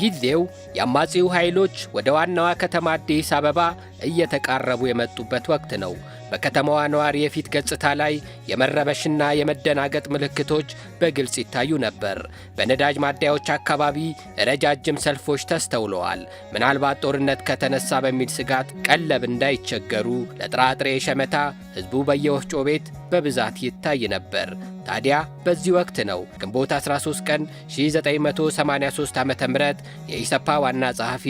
ጊዜው የአማጺው ኃይሎች ወደ ዋናዋ ከተማ አዲስ አበባ እየተቃረቡ የመጡበት ወቅት ነው። በከተማዋ ነዋሪ የፊት ገጽታ ላይ የመረበሽና የመደናገጥ ምልክቶች በግልጽ ይታዩ ነበር። በነዳጅ ማደያዎች አካባቢ ረጃጅም ሰልፎች ተስተውለዋል። ምናልባት ጦርነት ከተነሳ በሚል ስጋት ቀለብ እንዳይቸገሩ ለጥራጥሬ ሸመታ ሕዝቡ በየወፍጮ ቤት በብዛት ይታይ ነበር። ታዲያ በዚህ ወቅት ነው ግንቦት 13 ቀን 1983 ዓ ም የኢሰፓ ዋና ጸሐፊ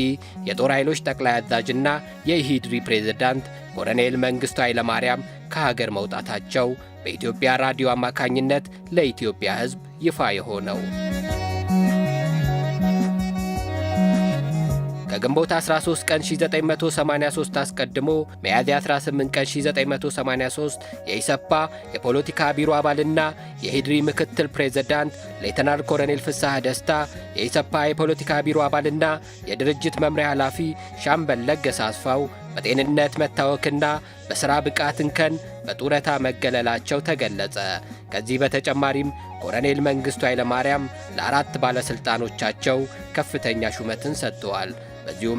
የጦር ኃይሎች ጠቅላይ አዛዥና የኢሂድሪ ፕሬዝዳንት ኮሎኔል መንግሥቱ ኃይለማርያም ከሀገር መውጣታቸው በኢትዮጵያ ራዲዮ አማካኝነት ለኢትዮጵያ ሕዝብ ይፋ የሆነው ከግንቦት 13 ቀን 1983 አስቀድሞ ሚያዝያ 18 ቀን 1983 የኢሰፓ የፖለቲካ ቢሮ አባልና የሂድሪ ምክትል ፕሬዝዳንት ሌተናል ኮሎኔል ፍስሐ ደስታ፣ የኢሰፓ የፖለቲካ ቢሮ አባልና የድርጅት መምሪያ ኃላፊ ሻምበል ለገሰ አስፋው በጤንነት መታወክና በሥራ ብቃት እንከን በጡረታ መገለላቸው ተገለጸ። ከዚህ በተጨማሪም ኮሎኔል መንግሥቱ ኃይለማርያም ለአራት ባለሥልጣኖቻቸው ከፍተኛ ሹመትን ሰጥተዋል። vagy jó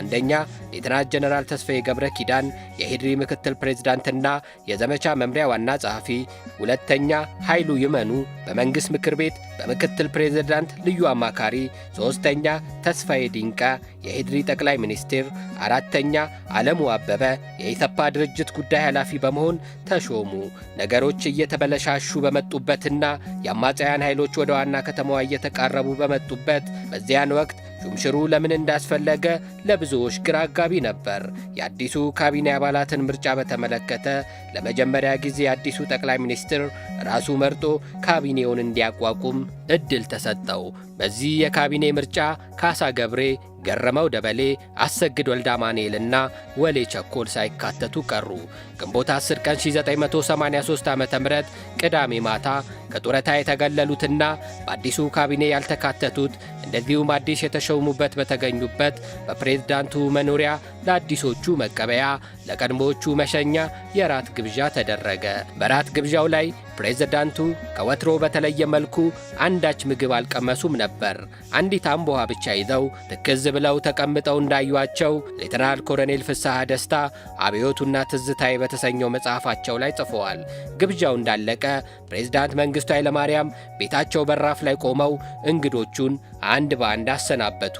አንደኛ ሌተናል ጀነራል ተስፋዬ ገብረ ኪዳን የሂድሪ ምክትል ፕሬዝዳንትና የዘመቻ መምሪያ ዋና ጸሐፊ፣ ሁለተኛ ኃይሉ ይመኑ በመንግሥት ምክር ቤት በምክትል ፕሬዝዳንት ልዩ አማካሪ፣ ሦስተኛ ተስፋዬ ዲንቃ የሂድሪ ጠቅላይ ሚኒስትር፣ አራተኛ ዓለሙ አበበ የኢሰፓ ድርጅት ጉዳይ ኃላፊ በመሆን ተሾሙ። ነገሮች እየተበለሻሹ በመጡበትና የአማጽያን ኃይሎች ወደ ዋና ከተማዋ እየተቃረቡ በመጡበት በዚያን ወቅት ሹምሽሩ ለምን እንዳስፈለገ ለብ ለብዙዎች ግራ አጋቢ ነበር። የአዲሱ ካቢኔ አባላትን ምርጫ በተመለከተ ለመጀመሪያ ጊዜ የአዲሱ ጠቅላይ ሚኒስትር ራሱ መርጦ ካቢኔውን እንዲያቋቁም እድል ተሰጠው። በዚህ የካቢኔ ምርጫ ካሳ ገብሬ ገረመው ደበሌ፣ አሰግድ ወልዳ ማኑኤልና ወሌ ቸኮል ሳይካተቱ ቀሩ። ግንቦት 10 ቀን 1983 ዓ ም ቅዳሜ ማታ ከጡረታ የተገለሉትና በአዲሱ ካቢኔ ያልተካተቱት እንደዚሁም አዲስ የተሾሙበት በተገኙበት በፕሬዝዳንቱ መኖሪያ ለአዲሶቹ መቀበያ ለቀድሞዎቹ መሸኛ የራት ግብዣ ተደረገ። በራት ግብዣው ላይ ፕሬዝዳንቱ ከወትሮ በተለየ መልኩ አንዳች ምግብ አልቀመሱም ነበር። አንዲት አምቦ ውሃ ብቻ ይዘው ትክዝ ብለው ተቀምጠው እንዳዩቸው ሌተናል ኮሎኔል ፍስሐ ደስታ አብዮቱና ትዝታዬ በተሰኘው መጽሐፋቸው ላይ ጽፈዋል። ግብዣው እንዳለቀ ፕሬዝዳንት መንግሥቱ ኃይለማርያም ቤታቸው በራፍ ላይ ቆመው እንግዶቹን አንድ በአንድ አሰናበቱ።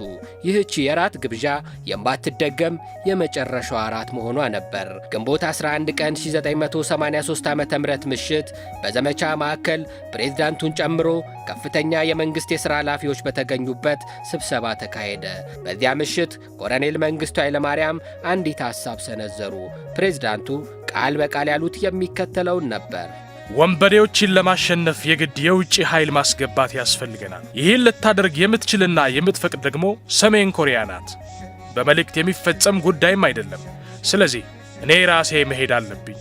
ይህቺ የራት ግብዣ የማትደገም የመጨረሻው አራት መሆኗ ነበር። ግንቦት 11 ቀን 1983 ዓ ም ምሽት በዘመቻ ማዕከል ፕሬዝዳንቱን ጨምሮ ከፍተኛ የመንግሥት የሥራ ኃላፊዎች በተገኙበት ስብሰባ ተካሄደ። በዚያ ምሽት ኮሎኔል መንግሥቱ ኃይለማርያም አንዲት ሐሳብ ሰነዘሩ። ፕሬዝዳንቱ ቃል በቃል ያሉት የሚከተለውን ነበር። ወንበዴዎችን ለማሸነፍ የግድ የውጭ ኃይል ማስገባት ያስፈልገናል። ይህን ልታደርግ የምትችልና የምትፈቅድ ደግሞ ሰሜን ኮሪያ ናት። በመልእክት የሚፈጸም ጉዳይም አይደለም። ስለዚህ እኔ ራሴ መሄድ አለብኝ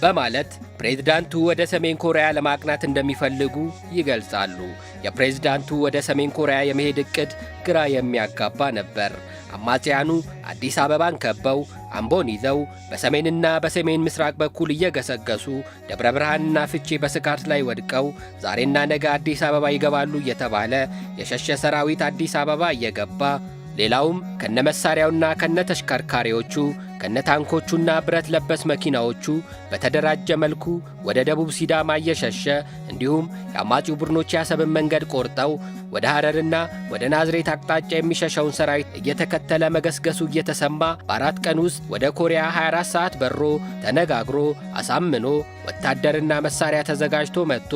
በማለት ፕሬዝዳንቱ ወደ ሰሜን ኮሪያ ለማቅናት እንደሚፈልጉ ይገልጻሉ። የፕሬዝዳንቱ ወደ ሰሜን ኮሪያ የመሄድ እቅድ ግራ የሚያጋባ ነበር። አማጽያኑ አዲስ አበባን ከበው አምቦን ይዘው በሰሜንና በሰሜን ምስራቅ በኩል እየገሰገሱ ደብረ ብርሃንና ፍቼ በስጋት ላይ ወድቀው ዛሬና ነገ አዲስ አበባ ይገባሉ እየተባለ የሸሸ ሰራዊት አዲስ አበባ እየገባ ሌላውም ከነ መሳሪያውና ከነ ተሽከርካሪዎቹ ከነታንኮቹና ብረት ለበስ መኪናዎቹ በተደራጀ መልኩ ወደ ደቡብ ሲዳማ እየሸሸ እንዲሁም የአማጺው ቡድኖች ያሰብን መንገድ ቆርጠው ወደ ሐረርና ወደ ናዝሬት አቅጣጫ የሚሸሸውን ሰራዊት እየተከተለ መገስገሱ እየተሰማ በአራት ቀን ውስጥ ወደ ኮሪያ 24 ሰዓት በሮ ተነጋግሮ አሳምኖ ወታደርና መሳሪያ ተዘጋጅቶ መጥቶ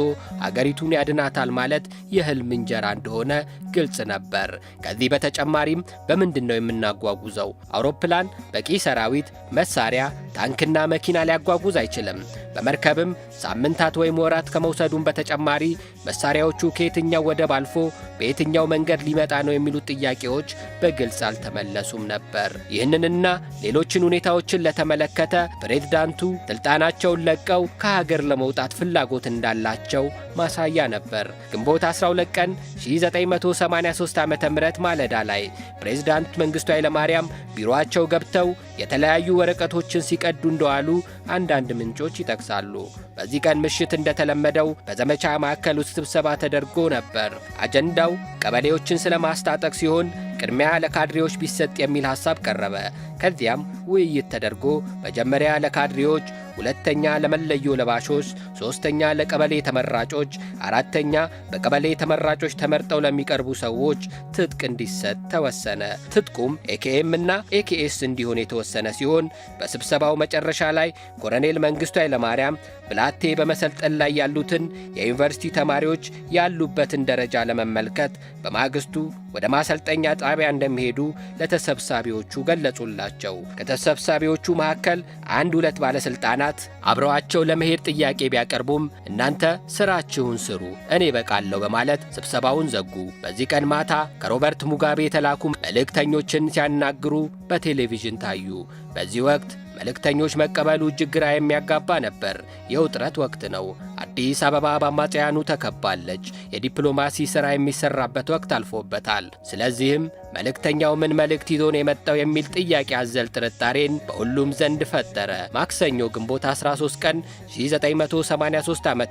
አገሪቱን ያድናታል ማለት የህልም እንጀራ እንደሆነ ግልጽ ነበር። ከዚህ በተጨማሪም በምንድን ነው የምናጓጉዘው? አውሮፕላን በቂ ሰራዊት ሰራዊት፣ መሳሪያ፣ ታንክና መኪና ሊያጓጉዝ አይችልም። በመርከብም ሳምንታት ወይም ወራት ከመውሰዱም በተጨማሪ መሳሪያዎቹ ከየትኛው ወደብ አልፎ በየትኛው መንገድ ሊመጣ ነው የሚሉት ጥያቄዎች በግልጽ አልተመለሱም ነበር። ይህንንና ሌሎችን ሁኔታዎችን ለተመለከተ ፕሬዝዳንቱ ስልጣናቸውን ለቀው ከሀገር ለመውጣት ፍላጎት እንዳላቸው ማሳያ ነበር። ግንቦት 12 ቀን 1983 ዓ ም ማለዳ ላይ ፕሬዝዳንት መንግስቱ ኃይለማርያም ቢሮአቸው ገብተው የተለያዩ ወረቀቶችን ሲቀዱ እንደዋሉ አንዳንድ ምንጮች ይጠቅሳሉ። በዚህ ቀን ምሽት እንደተለመደው በዘመቻ ማዕከል ውስጥ ስብሰባ ተደርጎ ነበር። አጀንዳው ቀበሌዎችን ስለማስታጠቅ ሲሆን ቅድሚያ ለካድሬዎች ቢሰጥ የሚል ሐሳብ ቀረበ። ከዚያም ውይይት ተደርጎ መጀመሪያ ለካድሬዎች፣ ሁለተኛ ለመለዮ ለባሾች፣ ሦስተኛ ለቀበሌ ተመራጮች፣ አራተኛ በቀበሌ ተመራጮች ተመርጠው ለሚቀርቡ ሰዎች ትጥቅ እንዲሰጥ ተወሰነ። ትጥቁም ኤኬኤም እና ኤኬኤስ እንዲሆን የተወሰነ ሲሆን በስብሰባው መጨረሻ ላይ ኮሎኔል መንግስቱ ኃይለማርያም ብላቴ በመሰልጠን ላይ ያሉትን የዩኒቨርሲቲ ተማሪዎች ያሉበትን ደረጃ ለመመልከት በማግስቱ ወደ ማሰልጠኛ ጣቢያ እንደሚሄዱ ለተሰብሳቢዎቹ ገለጹላቸው። ከተሰብሳቢዎቹ መካከል አንድ ሁለት ባለሥልጣናት አብረዋቸው ለመሄድ ጥያቄ ቢያቀርቡም እናንተ ሥራችሁን ስሩ፣ እኔ በቃለሁ በማለት ስብሰባውን ዘጉ። በዚህ ቀን ማታ ከሮበርት ሙጋቤ የተላኩ መልእክተኞችን ሲያናግሩ በቴሌቪዥን ታዩ። በዚህ ወቅት መልእክተኞች መቀበሉ እጅግ ግራ የሚያጋባ ነበር። የውጥረት ወቅት ነው። አዲስ አበባ በአማጽያኑ ተከባለች። የዲፕሎማሲ ሥራ የሚሰራበት ወቅት አልፎበታል። ስለዚህም መልእክተኛው ምን መልእክት ይዞ ነው የመጣው የሚል ጥያቄ አዘል ጥርጣሬን በሁሉም ዘንድ ፈጠረ። ማክሰኞ ግንቦት 13 ቀን 1983 ዓ ም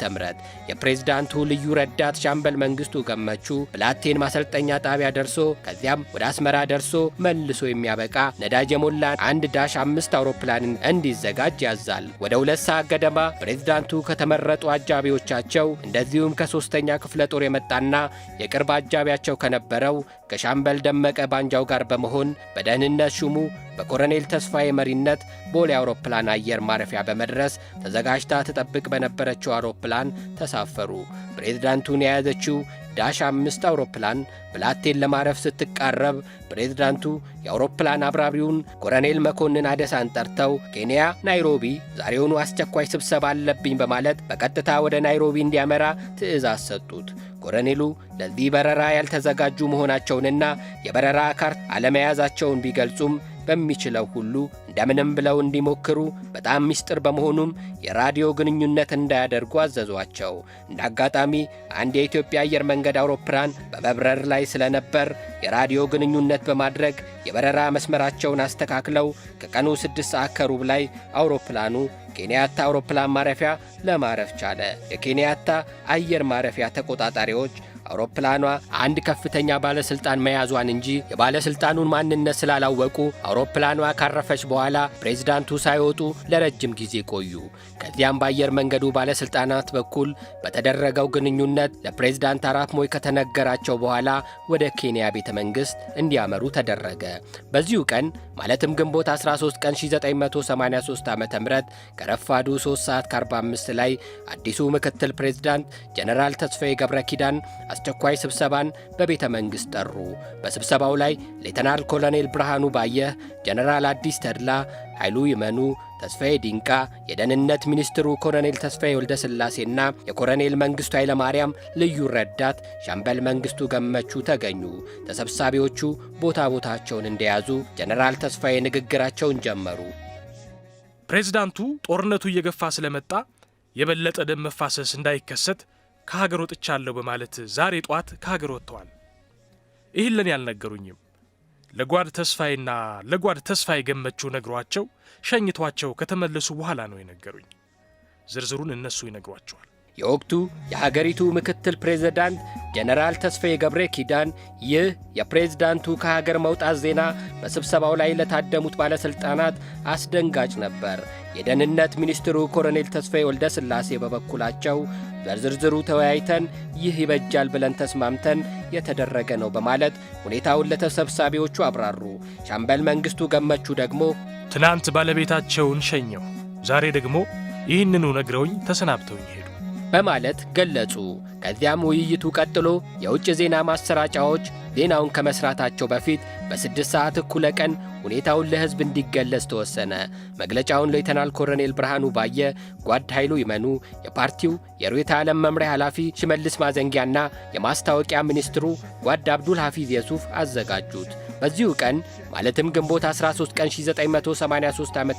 የፕሬዝዳንቱ ልዩ ረዳት ሻምበል መንግስቱ ገመቹ ብላቴን ማሰልጠኛ ጣቢያ ደርሶ ከዚያም ወደ አስመራ ደርሶ መልሶ የሚያበቃ ነዳጅ የሞላ አንድ ዳሽ አምስት አውሮፕላንን እንዲዘጋጅ ያዛል። ወደ ሁለት ሰዓት ገደማ ፕሬዝዳንቱ ከተመረጡ አጃቢዎቻቸው እንደዚሁም ከሦስተኛ ክፍለ ጦር የመጣና የቅርብ አጃቢያቸው ከነበረው ከሻምበል ደመቀ ባንጃው ጋር በመሆን በደህንነት ሹሙ በኮሎኔል ተስፋዬ መሪነት ቦሌ አውሮፕላን አየር ማረፊያ በመድረስ ተዘጋጅታ ትጠብቅ በነበረችው አውሮፕላን ተሳፈሩ። ፕሬዝዳንቱን የያዘችው ዳሽ አምስት አውሮፕላን ብላቴን ለማረፍ ስትቃረብ ፕሬዝዳንቱ የአውሮፕላን አብራሪውን ኮረኔል መኮንን አደሳን ጠርተው ኬንያ ናይሮቢ ዛሬውኑ አስቸኳይ ስብሰባ አለብኝ በማለት በቀጥታ ወደ ናይሮቢ እንዲያመራ ትዕዛዝ ሰጡት። ኮረኔሉ ለዚህ በረራ ያልተዘጋጁ መሆናቸውንና የበረራ ካርት አለመያዛቸውን ቢገልጹም በሚችለው ሁሉ እንደምንም ብለው እንዲሞክሩ በጣም ሚስጥር በመሆኑም የራዲዮ ግንኙነት እንዳያደርጉ አዘዟቸው። እንደ አጋጣሚ አንድ የኢትዮጵያ አየር መንገድ አውሮፕላን በመብረር ላይ ስለነበር የራዲዮ ግንኙነት በማድረግ የበረራ መስመራቸውን አስተካክለው ከቀኑ ስድስት ሰዓት ከሩብ ላይ አውሮፕላኑ ኬንያታ አውሮፕላን ማረፊያ ለማረፍ ቻለ። የኬንያታ አየር ማረፊያ ተቆጣጣሪዎች አውሮፕላኗ አንድ ከፍተኛ ባለሥልጣን መያዟን እንጂ የባለሥልጣኑን ማንነት ስላላወቁ አውሮፕላኗ ካረፈች በኋላ ፕሬዚዳንቱ ሳይወጡ ለረጅም ጊዜ ቆዩ። ከዚያም በአየር መንገዱ ባለሥልጣናት በኩል በተደረገው ግንኙነት ለፕሬዚዳንት አራፕ ሞይ ከተነገራቸው በኋላ ወደ ኬንያ ቤተ መንግሥት እንዲያመሩ ተደረገ። በዚሁ ቀን ማለትም ግንቦት 13 ቀን 1983 ዓ ም ከረፋዱ 3 ሰዓት ከ45 ላይ አዲሱ ምክትል ፕሬዚዳንት ጀነራል ተስፋዬ ገብረ ኪዳን አስቸኳይ ስብሰባን በቤተ መንግሥት ጠሩ። በስብሰባው ላይ ሌተናል ኮሎኔል ብርሃኑ ባየህ፣ ጀነራል አዲስ ተድላ፣ ኃይሉ ይመኑ፣ ተስፋዬ ዲንቃ፣ የደህንነት ሚኒስትሩ ኮሎኔል ተስፋዬ ወልደ ሥላሴና የኮሎኔል መንግሥቱ ኃይለማርያም ልዩ ረዳት ሻምበል መንግሥቱ ገመቹ ተገኙ። ተሰብሳቢዎቹ ቦታ ቦታቸውን እንደያዙ ጀነራል ተስፋዬ ንግግራቸውን ጀመሩ። ፕሬዝዳንቱ ጦርነቱ እየገፋ ስለመጣ የበለጠ ደም መፋሰስ እንዳይከሰት ከሀገር ወጥቻለሁ በማለት ዛሬ ጠዋት ከሀገር ወጥተዋል። ይህን ለኔ ያልነገሩኝም። ለጓድ ተስፋዬና ለጓድ ተስፋዬ ገመችው ነግሯቸው ሸኝቷቸው ከተመለሱ በኋላ ነው የነገሩኝ። ዝርዝሩን እነሱ ይነግሯቸዋል። የወቅቱ የሀገሪቱ ምክትል ፕሬዝዳንት ጀነራል ተስፋዬ ገብረ ኪዳን ይህ የፕሬዝዳንቱ ከሀገር መውጣት ዜና በስብሰባው ላይ ለታደሙት ባለሥልጣናት አስደንጋጭ ነበር። የደህንነት ሚኒስትሩ ኮሎኔል ተስፋዬ ወልደ ሥላሴ በበኩላቸው በዝርዝሩ ተወያይተን ይህ ይበጃል ብለን ተስማምተን የተደረገ ነው በማለት ሁኔታውን ለተሰብሳቢዎቹ አብራሩ። ሻምበል መንግሥቱ ገመቹ ደግሞ ትናንት ባለቤታቸውን ሸኘው፣ ዛሬ ደግሞ ይህንኑ ነግረውኝ ተሰናብተውኝ በማለት ገለጹ። ከዚያም ውይይቱ ቀጥሎ የውጭ ዜና ማሰራጫዎች ዜናውን ከመስራታቸው በፊት በስድስት ሰዓት እኩለ ቀን ሁኔታውን ለሕዝብ እንዲገለጽ ተወሰነ። መግለጫውን ሌተናል ኮሎኔል ብርሃኑ ባየ፣ ጓድ ኃይሉ ይመኑ፣ የፓርቲው የሩዌታ ዓለም መምሪያ ኃላፊ ሽመልስ ማዘንጊያና የማስታወቂያ ሚኒስትሩ ጓድ አብዱል ሐፊዝ የሱፍ አዘጋጁት። በዚሁ ቀን ማለትም ግንቦት 13 ቀን 1983 ዓ ም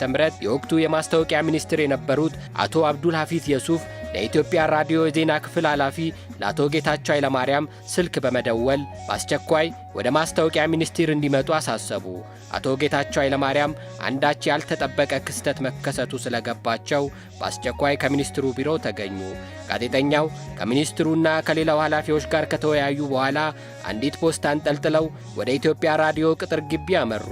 የወቅቱ የማስታወቂያ ሚኒስትር የነበሩት አቶ አብዱል ሐፊዝ የሱፍ ለኢትዮጵያ ራዲዮ የዜና ክፍል ኃላፊ ለአቶ ጌታቸው ኃይለማርያም ስልክ በመደወል በአስቸኳይ ወደ ማስታወቂያ ሚኒስቴር እንዲመጡ አሳሰቡ። አቶ ጌታቸው ኃይለማርያም አንዳች ያልተጠበቀ ክስተት መከሰቱ ስለገባቸው በአስቸኳይ ከሚኒስትሩ ቢሮ ተገኙ። ጋዜጠኛው ከሚኒስትሩና ከሌላው ኃላፊዎች ጋር ከተወያዩ በኋላ አንዲት ፖስታ አንጠልጥለው ወደ ኢትዮጵያ ራዲዮ ቅጥር ግቢ አመሩ።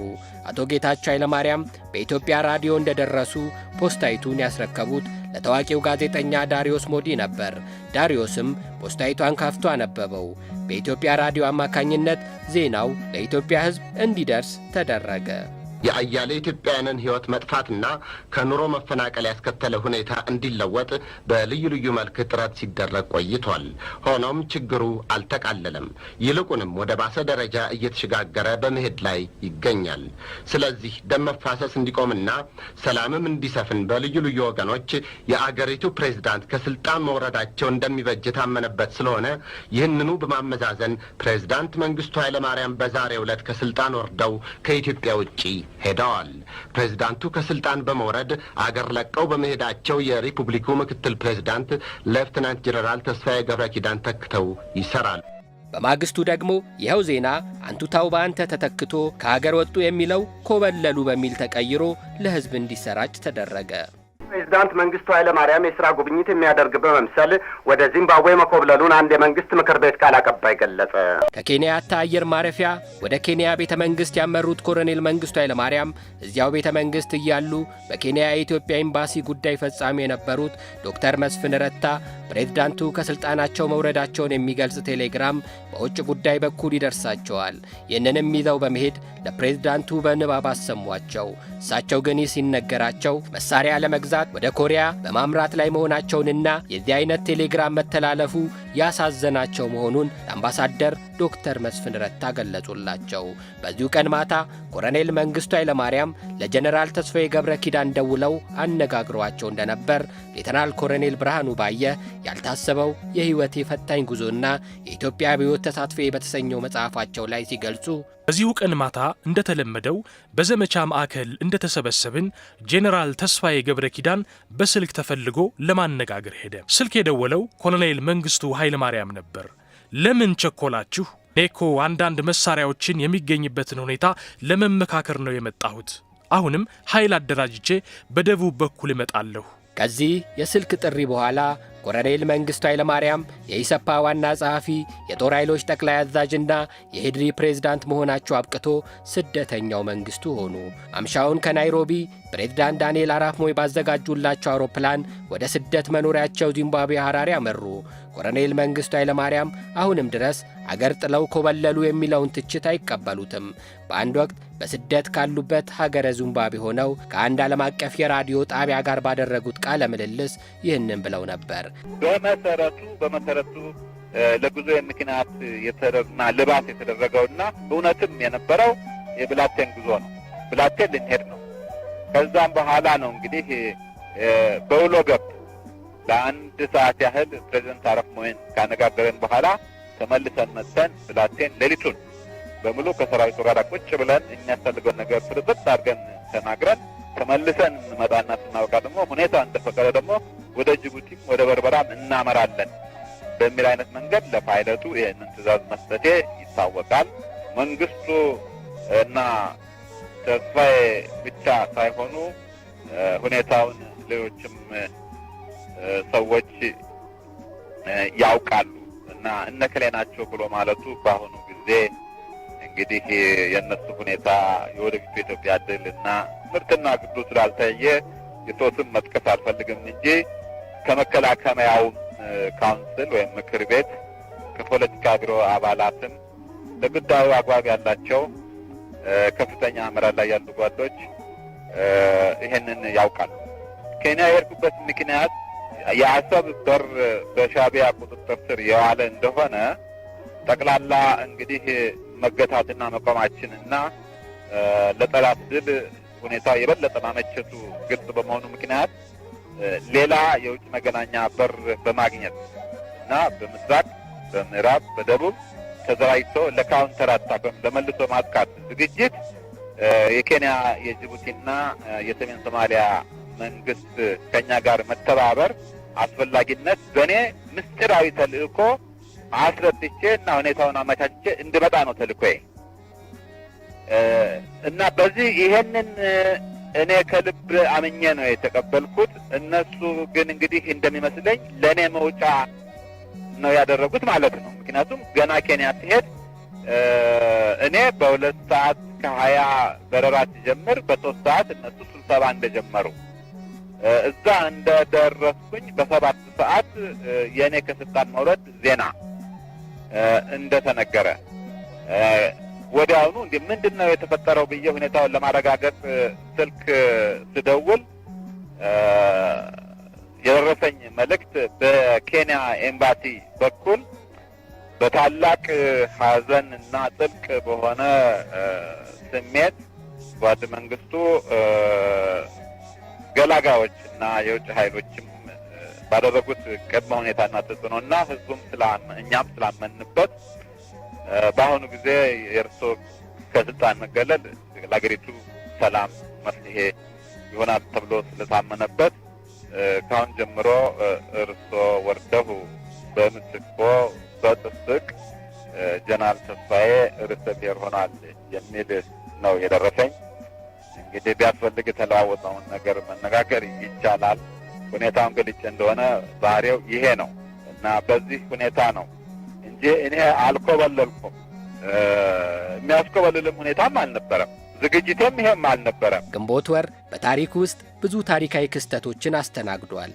አቶ ጌታቸው ኃይለማርያም በኢትዮጵያ ራዲዮ እንደደረሱ ፖስታይቱን ያስረከቡት ለታዋቂው ጋዜጠኛ ዳሪዮስ ሞዲ ነበር። ዳሪዮስም ፖስታይቷን ከፍቶ አነበበው። በኢትዮጵያ ራዲዮ አማካኝነት ዜናው ለኢትዮጵያ ሕዝብ እንዲደርስ ተደረገ። የአያሌ ኢትዮጵያውያንን ሕይወት መጥፋትና ከኑሮ መፈናቀል ያስከተለ ሁኔታ እንዲለወጥ በልዩ ልዩ መልክ ጥረት ሲደረግ ቆይቷል። ሆኖም ችግሩ አልተቃለለም። ይልቁንም ወደ ባሰ ደረጃ እየተሸጋገረ በመሄድ ላይ ይገኛል። ስለዚህ ደም መፋሰስ እንዲቆምና ሰላምም እንዲሰፍን በልዩ ልዩ ወገኖች የአገሪቱ ፕሬዝዳንት ከስልጣን መውረዳቸው እንደሚበጅ የታመነበት ስለሆነ ይህንኑ በማመዛዘን ፕሬዝዳንት መንግስቱ ኃይለማርያም በዛሬው ዕለት ከስልጣን ወርደው ከኢትዮጵያ ውጪ ሄደዋል። ፕሬዝዳንቱ ከስልጣን በመውረድ አገር ለቀው በመሄዳቸው የሪፑብሊኩ ምክትል ፕሬዝዳንት ሌፍትናንት ጀነራል ተስፋዬ ገብረ ኪዳን ተክተው ይሰራል። በማግስቱ ደግሞ ይኸው ዜና አንቱታው በአንተ ተተክቶ ከአገር ወጡ የሚለው ኮበለሉ በሚል ተቀይሮ ለሕዝብ እንዲሰራጭ ተደረገ። ፕሬዚዳንት መንግስቱ ኃይለማርያም የስራ ጉብኝት የሚያደርግ በመምሰል ወደ ዚምባብዌ መኮብለሉን አንድ የመንግስት ምክር ቤት ቃል አቀባይ ገለጸ። ከኬንያታ አየር ማረፊያ ወደ ኬንያ ቤተ መንግስት ያመሩት ኮሎኔል መንግስቱ ኃይለማርያም እዚያው ቤተ መንግስት እያሉ በኬንያ የኢትዮጵያ ኤምባሲ ጉዳይ ፈጻሚ የነበሩት ዶክተር መስፍን ረታ ፕሬዝዳንቱ ከስልጣናቸው መውረዳቸውን የሚገልጽ ቴሌግራም በውጭ ጉዳይ በኩል ይደርሳቸዋል። ይህንንም ይዘው በመሄድ ለፕሬዝዳንቱ በንባብ አሰሟቸው። እሳቸው ግን ይህ ሲነገራቸው መሳሪያ ለመግዛት ወደ ኮሪያ በማምራት ላይ መሆናቸውንና የዚህ አይነት ቴሌግራም መተላለፉ ያሳዘናቸው መሆኑን አምባሳደር ዶክተር መስፍን ረታ ገለጹላቸው። በዚሁ ቀን ማታ ኮሎኔል መንግስቱ ኃይለማርያም ለጀኔራል ተስፋዬ ገብረ ኪዳን ደውለው አነጋግሯቸው እንደነበር ሌተናል ኮሎኔል ብርሃኑ ባየ ያልታሰበው የህይወቴ ፈታኝ ጉዞና የኢትዮጵያ አብዮት ተሳትፎ በተሰኘው መጽሐፋቸው ላይ ሲገልጹ በዚሁ ቀን ማታ እንደተለመደው በዘመቻ ማዕከል እንደተሰበሰብን ጄኔራል ተስፋዬ ገብረ ኪዳን በስልክ ተፈልጎ ለማነጋገር ሄደ። ስልክ የደወለው ኮሎኔል መንግስቱ ኃይለ ማርያም ነበር። ለምን ቸኮላችሁ? ኔኮ አንዳንድ መሳሪያዎችን የሚገኝበትን ሁኔታ ለመመካከር ነው የመጣሁት። አሁንም ኃይል አደራጅቼ በደቡብ በኩል እመጣለሁ። ከዚህ የስልክ ጥሪ በኋላ ኮሎኔል መንግሥቱ ኃይለማርያም የኢሰፓ ዋና ጸሐፊ፣ የጦር ኃይሎች ጠቅላይ አዛዥና የሂድሪ ፕሬዝዳንት መሆናቸው አብቅቶ ስደተኛው መንግሥቱ ሆኑ። አምሻውን ከናይሮቢ ፕሬዝዳንት ዳንኤል አራፍሞይ ባዘጋጁላቸው አውሮፕላን ወደ ስደት መኖሪያቸው ዚምባብዌ ሐራሪ አመሩ። ኮሎኔል መንግሥቱ ኃይለማርያም አሁንም ድረስ አገር ጥለው ኮበለሉ የሚለውን ትችት አይቀበሉትም። በአንድ ወቅት በስደት ካሉበት ሀገረ ዙምባቤ ሆነው ከአንድ ዓለም አቀፍ የራዲዮ ጣቢያ ጋር ባደረጉት ቃለ ምልልስ ይህንን ብለው ነበር። በመሰረቱ በመሰረቱ ለጉዞ ምክንያት እና ልባት የተደረገውና እውነትም የነበረው የብላቴን ጉዞ ነው። ብላቴን ልንሄድ ነው። ከዛም በኋላ ነው እንግዲህ በውሎ ገብ ለአንድ ሰዓት ያህል ፕሬዚደንት አረፍ ሞይን ካነጋገረን በኋላ ተመልሰን መጥተን ብላቴን ሌሊቱን በሙሉ ከሰራዊቱ ጋር ቁጭ ብለን የሚያስፈልገውን ነገር ፍርጥጥ አድርገን ተናግረን ተመልሰን እንመጣና ስናወቃ ደግሞ ሁኔታ እንደፈቀደ ደግሞ ወደ ጅቡቲም ወደ በርበራም እናመራለን በሚል አይነት መንገድ ለፓይለቱ ይህንን ትዕዛዝ መስጠቴ ይታወቃል። መንግስቱ እና ተስፋዬ ብቻ ሳይሆኑ ሁኔታውን ሌሎችም ሰዎች ያውቃሉ እና እነከሌ ናቸው ብሎ ማለቱ በአሁኑ ጊዜ እንግዲህ የእነሱ ሁኔታ የወደፊቱ ኢትዮጵያ ድል እና ምርትና ግዱ ስላልተየ የቶትም መጥቀስ አልፈልግም እንጂ ከመከላከያው ካውንስል ወይም ምክር ቤት ከፖለቲካ ቢሮ አባላትም ለጉዳዩ አግባብ ያላቸው ከፍተኛ አመራር ላይ ያሉ ጓዶች ይህንን ያውቃል። ኬንያ የሄድኩበት ምክንያት የአሰብ በር በሻቢያ ቁጥጥር ስር የዋለ እንደሆነ ጠቅላላ እንግዲህ መገታትና መቆማችንና ለጠላት ድል ሁኔታ የበለጠ ማመቸቱ ግልጽ በመሆኑ ምክንያት ሌላ የውጭ መገናኛ በር በማግኘት እና በምስራቅ፣ በምዕራብ፣ በደቡብ ተዘራጅቶ ለካውንተር አታክ ወይም ለመልሶ ማጥቃት ዝግጅት የኬንያ የጅቡቲና የሰሜን ሶማሊያ መንግስት ከኛ ጋር መተባበር አስፈላጊነት በእኔ ምስጢራዊ ተልእኮ አስረድቼ እና ሁኔታውን አመቻችቼ እንድመጣ ነው ተልእኮዬ እና በዚህ ይሄንን እኔ ከልብ አምኜ ነው የተቀበልኩት። እነሱ ግን እንግዲህ እንደሚመስለኝ ለእኔ መውጫ ነው ያደረጉት ማለት ነው። ምክንያቱም ገና ኬንያ ሲሄድ እኔ በሁለት ሰዓት ከሀያ በረራ ሲጀምር በሶስት ሰዓት እነሱ ስብሰባ እንደጀመሩ እዛ እንደደረስኩኝ በሰባት ሰዓት የእኔ ከስልጣን መውረድ ዜና እንደተነገረ ወዲያውኑ እንዲ ምንድን ነው የተፈጠረው ብዬ ሁኔታውን ለማረጋገጥ ስልክ ስደውል የደረሰኝ መልእክት በኬንያ ኤምባሲ በኩል በታላቅ ሐዘን እና ጥልቅ በሆነ ስሜት ጓድ መንግስቱ ገላጋዎች እና የውጭ ኃይሎችም ባደረጉት ቅድመ ሁኔታና ተጽዕኖ እና ህዝቡም እኛም ስላመንበት በአሁኑ ጊዜ የእርሶ ከስልጣን መገለል ለሀገሪቱ ሰላም መፍትሄ ይሆናል ተብሎ ስለታመነበት ከአሁን ጀምሮ እርሶ ወርደው በምትኮ በጥብቅ ጀነራል ተስፋዬ ርዕሰ ብሔር ሆኗል የሚል ነው የደረሰኝ። እንግዲህ ቢያስፈልግ የተለዋወጠውን ነገር መነጋገር ይቻላል። ሁኔታውን ግልጭ እንደሆነ ዛሬው ይሄ ነው እና በዚህ ሁኔታ ነው እንጂ እኔ አልኮበለልኩም። የሚያስኮበልልም ሁኔታም አልነበረም። ዝግጅቴም ይሄም አልነበረም። ግንቦት ወር በታሪክ ውስጥ ብዙ ታሪካዊ ክስተቶችን አስተናግዷል።